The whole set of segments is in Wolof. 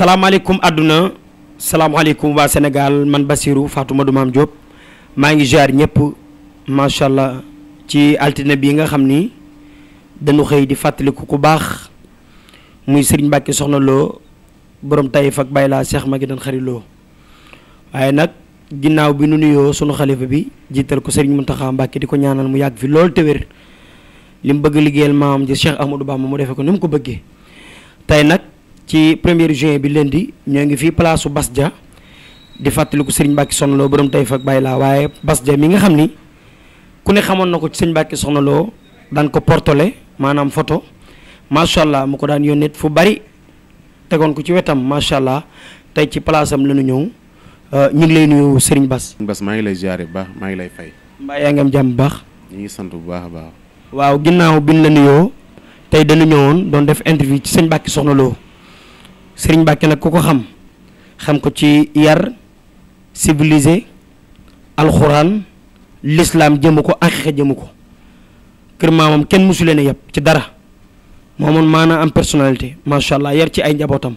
salaamaaleykum àdduna salaamaaleykum waa senegal man Basirou Fatoumata Mame Diop maa ngi jaar ñëpp macha allah ci altine bii nga xam ni dañu xëy di fàttaliku ku baax muy sëriñ Mbacke soxna loo borom Taïf ak Baye laa Cheikh Maguette xarit loo waaye nag ginnaaw bi nu nuyoo sunu xalifa bi jiital ko Serigne Mountakha Mbacke di ko ñaanal mu yàgg fi lool te li mu bëgg liggéeyal maam ji Cheikh Ahmadou Bamba mu defee ko ni mu ko bëggee tey nag. ci première juin bi leen di ñoo ngi fii place su Bass Dia di fàttaliku Serigne Mbacke Soxna Lo borom tey fak bàyyi laa waaye bas Dia mi nga xam ni ku ne xamoon na ko ci Serigne Mbacke Soxna Lo ko portole maanaam photo macha allah mu ko daan yónnee fu bari tegoon ko ci wetam macha allah tey ci place am la ñu euh, ñu ngi lay nuyu Serigne Bass. Bass maa ngi lay ziare bu baax maa ngi lay fay. mbaa yaa ngi am jàmm bu baax. ñu ngi sant bu baax a waaw ginnaaw bi la nuyoo tey dañu ñëwoon doon def interview ci Serigne Mbacke Soxna sëriñ Mbàkke nag ku ko xam xam ko ci yar civilisé alxuraan lislaam jëmm ko aqiqa jëmu ko kër maamam kenn mosu leen a yab ci dara moomoon maanaa am personnalité macha allah yar ci ay njabootam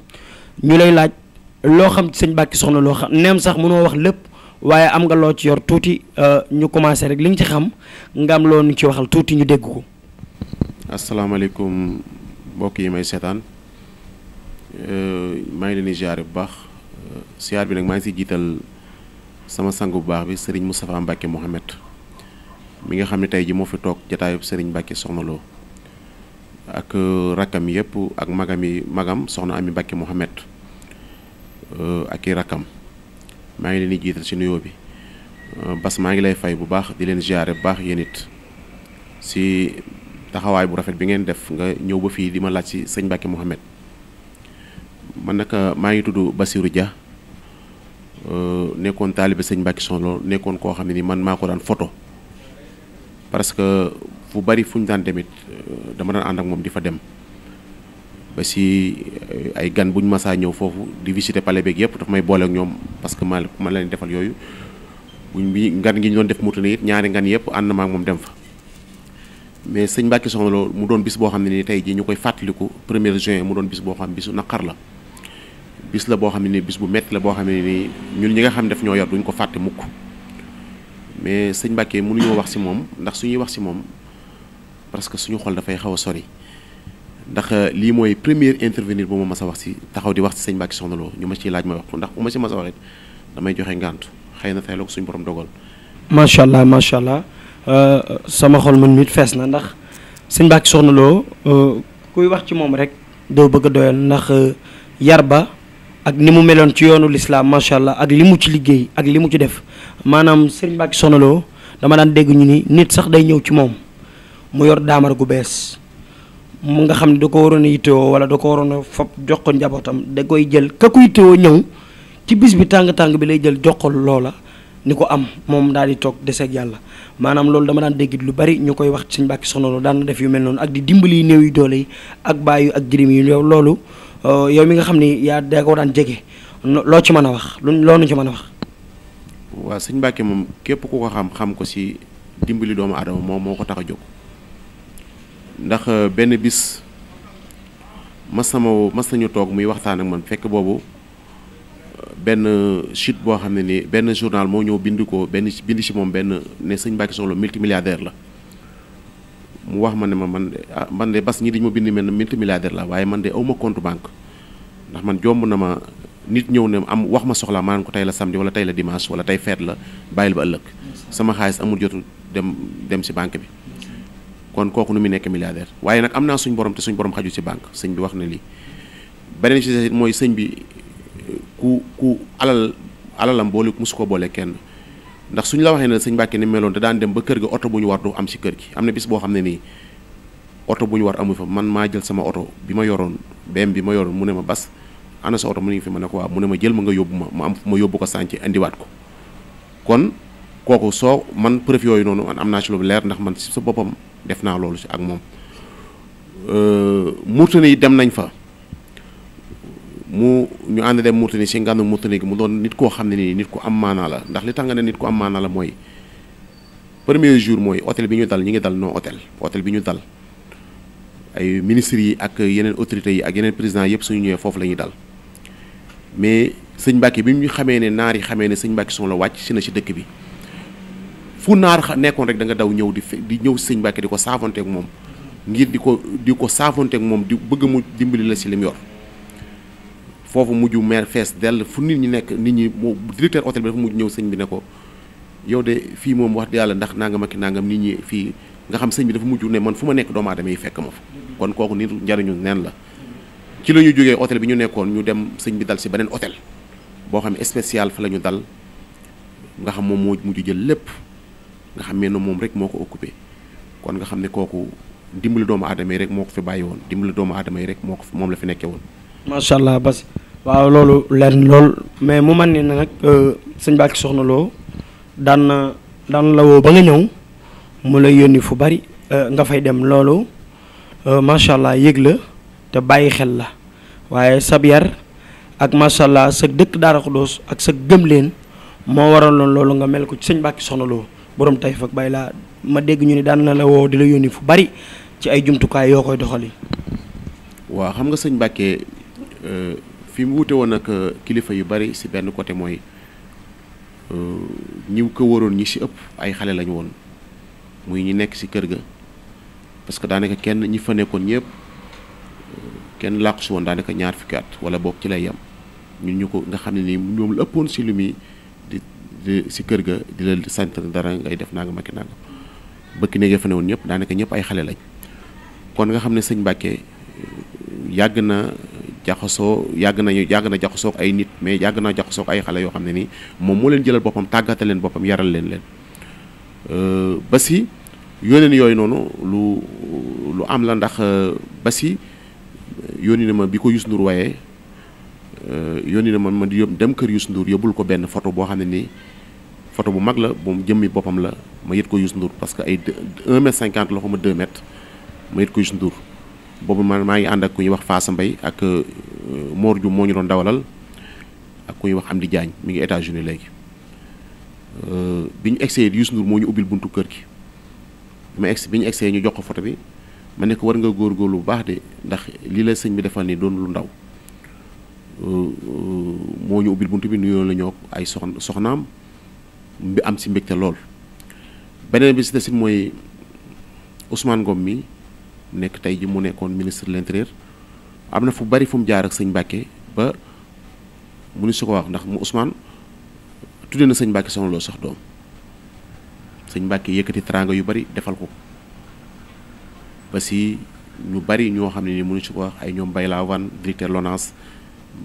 ñu lay laaj loo xam ci sëñ Mbàkke soxna loo xam neem sax mënoo wax lépp waaye am nga loo ci yor tuuti euh, ñu commencé rek li nga ci xam nga am loo ñu ci waxal tuuti ñu dégg ko. asalaamaaleykum mbokk yi may seetaan. Euh, maa ngi leen di ziare bu baax euh, ziar bi nag maa ngi si jiital sama sang bu baax bi sëriñ Serigne Moustapha Mbacke Mohamed mi nga xam ne tey ji moo fi toog jataayu Serigne Mbacke Soxna Lo ak euh, rakkam yëpp ak magam yi magam soxna Ami Mbacke Mohamed ak i rakkam maa ngi leen di jiital si nuyoo bi bas maa ngi lay fay bu baax di leen ziare bu baax yéen it si taxawaay bu rafet bi ngeen def nga ñëw ba fii di ma laaj si sëñ Mbacke Mohamed. man nag euh, maa ngi tudd Basirou Dia euh, nekkoon taalibe sëñ Mbacke Soxna nekkoon koo xam ne ni man maa ko daan photo parce que fu bari fu ñu daan demit euh, dama daan ànd ak moom di fa dem ba si ay gan bu ñu masaa ñëw foofu di visiter palais beeg yëpp daf may boole ak ñoom parce que ma ma leen defal yooyu buñ bi ngan gi ñu doon def Mauritanie it ñaari ngan yëpp ànd ma ak moom dem fa. mais sëñ Mbacke Soxna mu doon bis boo xam ne nii tey ji ñu koy fàttaliku 1er mu doon bis boo xam bisu naqar la. bis la boo xam ne ni bis bu metti la boo xam ne ni ñun ñi nga xam def ñoo yor duñ ko fàtte mukk mais sëñ Mbàkke mënuñoo wax si moom ndax suñuy wax si moom parce que suñu xol dafay xaw a sori ndax euh, lii mooy première intervenir bu ma mas wax si taxaw di wax si sëñ Mbàkke Soxna Lo ñu ma ciy laaj ma wax ko ndax bu ma si mas na tey la ko suñu borom dogal. macha allah macha allah euh, sama xol man mit fees na ndax sëñ Mbàkke Soxna Lo euh, kuy wax ci moom rek doo bëgg a doyal ndax yar ba ak ni mu meloon ci yoonu lislaam macha allah ak li mu ci liggéey ak li mu ci def maanaam Serigne Mbacké Soxna dama daan dégg ñu ni nit sax day ñëw ci moom mu yor daamar gu bees mu nga xam ne da ko waroon a yittewoo wala da ko waroon a fab jox ko njabootam da koy jël ka ko yittewoo ñëw ci bis bi tàng-tàng bi lay jël jox ko loola ni ko am moom daal di toog deseeg yàlla maanaam loolu dama daan déggit lu bari ñu koy wax ci Serigne Mbacké Soxna Lo def yu mel noonu ak di dimbali néew doole ak bàyyi ak jirim yi loolu Euh, yow mi nga xam ni yaa daa ko daan jege loo ci mën a wax loo nu ci man a wax. waaw sëñ Mbacke moom képp ku ko xam xam ko si dimbali doomu aadama moom moo ko tax a jóg ndax euh, benn bis mas sama ma mas nañu toog muy waxtaan ak man fekk boobu euh, benn chute boo xam ne ni benn journal moo ñëw bind ko benn bind ci moom benn ne sëñ Mbacke multi multimilliardaire la. mu wax ma ne ma man de ah, man de bas ñi di ma bind mel ne multimilliardaire la waaye man de aw ma compte banque ndax man jomb na ma nit ñëw ne am wax ma soxla maanaam ko tey la samedi wala tey la dimanche wala tey feet la bàyyil ba ëllëg sama xaalis amul jotul dem dem si banque bi kon kooku nu muy nekk milliardaire waaye nag am naa suñ borom te suñ borom xaju si banque sëñ bi wax na lii beneen ci mooy sëñ bi ku ku alal alalam boole mosu ko boole kenn ndax suñ la waxee ne sëñ Mbàkke ni meloon te daan dem ba kër ga oto bu ñu war du am si kër gi am na bis boo xam ne nii oto bu ñu war amu fa man maa jël sama oto bi ma yoroon BM bi ma yoroon mu ne ma bas ana sa oto mu ngi fi ma ne ko waaw mu ne ma jël ma nga yóbbu ma ma am ma yóbbu ko sànce indiwaat ko kon kooku soo man preuve yooyu noonu man am naa ci lu leer ndax man si sa boppam def naa loolu si ak moom euh, murtani dem nañ fa mu ñu ànd dem Mourtani si ngànnu Mourtani gi mu doon nit koo xam ne nii nit ko am maanaa la ndax li tax nga ne nit ku am maanaa la mooy premier jour mooy hôtel bi ñu dal ñi ngi dal noo hôtel hôtel bi ñu dal ay ministres yi ak yeneen autorité yi ak yeneen présidents yëpp suñu ñëwee foofu la ñuy dal mais sëñ Mbacke bi ñu xamee ne naar yi xamee ne sëñ Mbacke son la wàcc si na si dëkk bi fu naar nekkoon rek da nga daw ñëw di di ñëw si sëñ di ko saafonteeg moom ngir di ko di ko saafonteeg moom di bëgg mu dimbali la si lim yor. foofu mujj maire fees dell fu nit ñi nekk nit ñi moo directeur hôtel bi dafa mujj ñëw sëñ bi ne ko yow de fii moom wax dëgg yàlla ndax nangam ak nangam nit ñi fii nga xam sëñ bi dafa mujj ne man fu ma nekk doomu aadama yi fekk ma fa kon kooku nit njariñu neen la ci la ñu jógee hôtel bi ñu nekkoon ñu dem sëñ bi dal si beneen otel boo xam ne spécial fa lañu dal nga xam moom moo mujj jël lépp nga xam ne moom rek moo ko occupé kon nga xam ne kooku dimbali doomu aadama yi ko fi bàyyi woon dimbali doomu aadama yi rek moo ko moom la fi nekkee woon macha allah bas waaw loolu leer lool mais mu man ni nag euh, sëñ Bàkki Soxna Lo daan na daan la woo ba nga ñëw mu lay yónni fu bari euh, nga fay dem loolu euh, macha allah yëg la te bàyyi xel la waaye sab yar ak macha allah sa dëkk Daara Xudoos ak sa gëm leen moo waraloon loolu nga mel ko ci sëñ Bàkki Soxna Lo borom tey fag bay laa ma dégg ñu ni daan na la woo di la yónni fu bari ci ay jumtukaay yoo koy doxali. waaw xam nga sëñ Bàkke fi mu wute woon ak euh, kilifa yu bari si benn côté mooy euh, ñi ko waroon ñi si ëpp ay xale lañu woon muy ñi nekk ci kër ga parce que daanaka kenn ñi fa nekkoon ñépp euh, kenn làqu si woon daanaka ñaar fukki wala boog ci lay yem ñun ko nga xam ne nii ñoom la ëppoon ci lu muy di di kër ga di la sant dara ngay def naa nga makki naa nga bëkk néeg ya fa ne ay xale lañ kon nga xam ne sëñ Mbàkke yàgg na jaxasoo yàgg nañu yàgg na jaxasoog ay nit mais yàgg naa jaxasoog ay xale yoo xam ne nii moom moo leen jëlal boppam tàggata leen boppam yaral leen leen euh, ba si yónneen yooyu noonu lu lu am la ndax euh, ba si yónni na ma bi ko Youssou Ndour waaye euh, yónni na ma ma di dem kër Youssou nduur yóbbul ko benn foto boo xam ne nii photo bu mag la moom jëmmi boppam la ma yët ko Youssou nduur parce que ay 1 mètre 50 la ko ma 2 mètres ma yët ko Youssou Ndour boobu ma maa ngi ànd ak ku ñuy wax Faasa Mbay ak euh, Mor Dioum moo ñu doon dawalal ak ku ñuy wax di jaañ mi ngi États-Unis léegi euh, bi ñu egsee Youssou Ndour moo ñu buntu kër gi ma egsi bi ñu egsee ñu jox ko photo bi ma ne war nga góorgóorlu bu baax de ndax lii la sëñ bi defal ni doon lu ndaw euh, moo ñu ubbil buntu bi nuyoo la ñoo ay soxna soxnaam bi am si mbégte lool beneen bi si des mooy Ousmane Ngom mi nekk tey ji mu nekkoon ministre de l'intérieur am na fu bari fu mu jaar ak sëñ Mbàkke ba mënu si ko wax ndax mu Ousmane tudde na sëñ Mbàkke soxna loo sax doom sëñ Mbàkke yëkkati teraanga yu bari defal ko ba si ñu bari ñoo xam ne ni mënu si ko wax ay ñoom bay Baye wan directeur LONASE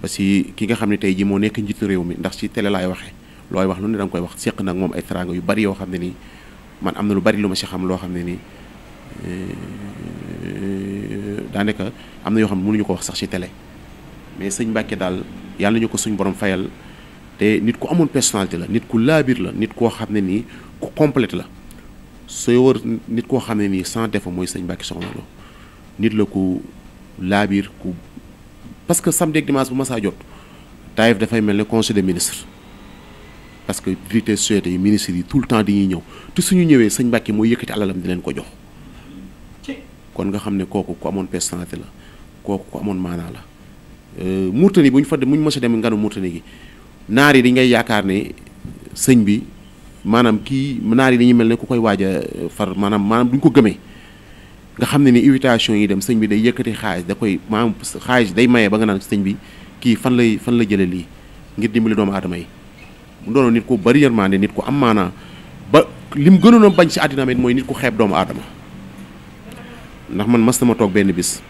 ba si ki nga xam ne tey ji moo nekk njiitu réew mi ndax ci télé laay waxee looy wax lu ne da koy wax seq nag moom ay teraanga yu bari yoo xam ne nii man am na lu bari lu ma si xam loo xam ne nii eh, daanaka am na yoo xam ne mënuñu ko wax sax ci télé mais sëñ Mbàkke daal yàlla ñu ko suñ borom fayal te nit ku amoon personnalité la nit ku laabir la nit koo xam ne nii ku complète la sooy wër nit koo xam ne nii sans défaut mooy sëñ Mbàkke Soxna Lo nit la ku laabir ku parce que samedi de dimanche bu ma saa jot Taïf dafay mel ni conseil des ministres parce que vérité société yi ministres yi tout le temps dañuy ñëw te suñu ñëwee sëñ Mbàkke mooy yëkkati alalam di leen ko jox kon nga xam ne kooku ku amoon personnalité la kooku ku amoon maanaa la euh, Mauritanie bu ñu fa bu ñu mës a dem nganu Mauritanie gi naar yi di ngay yaakaar ne sëñ bi maanaam kii naar yi ñu mel ne ku koy waaj euh, far maanaam maanaam duñ ko gëmee nga xam ne ni invitation yi dem sëñ bi day yëkkati xaalis da koy maanaam xaalis day maye ba nga naan sëñ bi kii fan lay fan la jëlee lii ngir dimbali doomu aadama yi mu doonoon nit ku bari yërmande nit ko am maanaa ba lim gënoon a bañ si àddina mooy nit ku doomu aadama ndax man mas na ma toog benn bis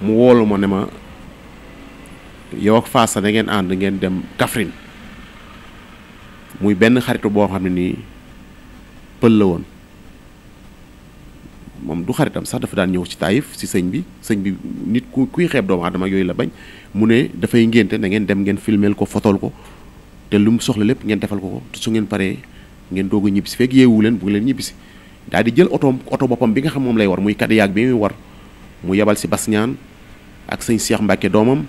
mu woolu ma ne ma yow ak Fass da ngeen ànd ngeen dem Kaffrine muy benn xaritu boo xam ne nii pël la woon moom du xaritam sax dafa daan ñëw ci taayif si sëñ bi sëñ bi nit ku kuy xeeb doomu aadama yooyu la bañ mu ne dafay ngénte na ngeen dem ngeen filmeel ko fotol ko te lu mu soxla lépp ngeen defal ko ko te su ngeen paree ngeen doog a ñibbisi fekk yeewu leen bu leen ñibbisi daal di jël oto oto boppam bi nga xam moom lay war muy kadiyaag bi muy war mu yebal si bas ak sëñ Cheikh Mbacke doomam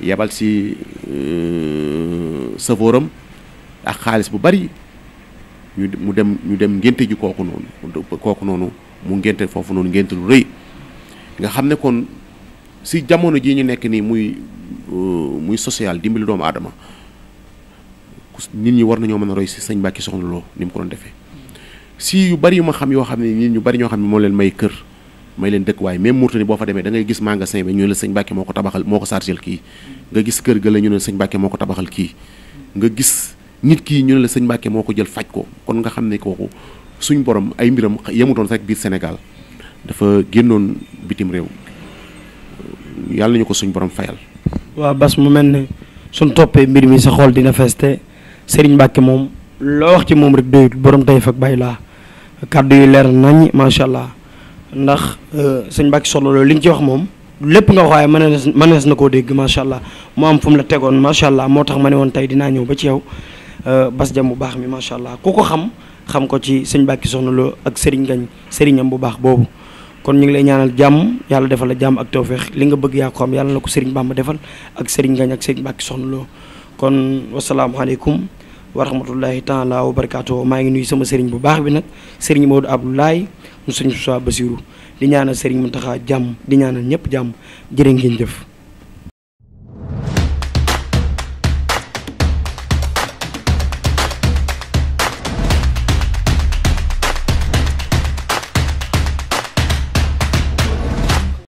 yebal si euh, savooram ak xaalis bu bari ñu dem ñu dem ngénte ji kooku noonu kooku noonu mu ngénte foofu noonu ngénte lu rëy nga xam ne kon si jamono jii ñu nekk nii muy euh, muy social dimbali doomu aadama nit ñi war nañoo mën a roy si sañ Mbacke soxna loo ni mu ko doon defee. si yu bari yu ma xam yoo xam ne nit ñu bari ñoo xam ne moo leen may kër may leen dëkk waaye même Mourtani boo fa demee da ngay gis magasin bi ñu la ko tabaxal moo ko sargel nga gis kër ga la ñu ne sëñ Mbàkke moo ko tabaxal kii nga gis nit kii ñu la sëñ Mbàkke moo ko jël faj ko kon nga xam ne kooku suñ borom ay mbiram yemutoon rek biir Sénégal dafa génnoon bitim réew yàlla nañu ko suñ borom fayal. waaw Bas mel ne suñ toppee mbir mi sa xol dina feste Serigne Mbàkke moom loo wax ci moom rek doyul boroom tey fak bay laa kàddu yi leer nañ macha allah ndax euh, sëñ Mbacke Soxna loo li nga ci wax moom lépp nga wax waaye mënees mënees na koo dégg macha allah mu am la tegoon macha allah moo tax ma ne woon tey dinaa ñëw ba ci yow euh, bas jam bu baax mi macha allah ku ko xam xam ko ci sëñ bàkki Soxna loo ak Serigne Ngagne sëriñam bu baax boobu. kon ñu ngi lay ñaanal jàmm yàlla defal la jàmm ak tawféex li nga bëgg yaa ko xam yàlla na ko Serigne Bamba defal ak sëriñ ngañ ak Serigne Mbacke Soxna Lo kon wasalaamualeykum. wa rahmatullahi taala wa barakaatu maa ngi nuyu sama sëriñ bu baax bi nag moo sëriñ Modou Abdoulaye mu sëriñ Sousa Basirou di ñaanal sëriñ Mountakha jàmm di ñaanal ñëpp jàmm jëriñ ngeen jëf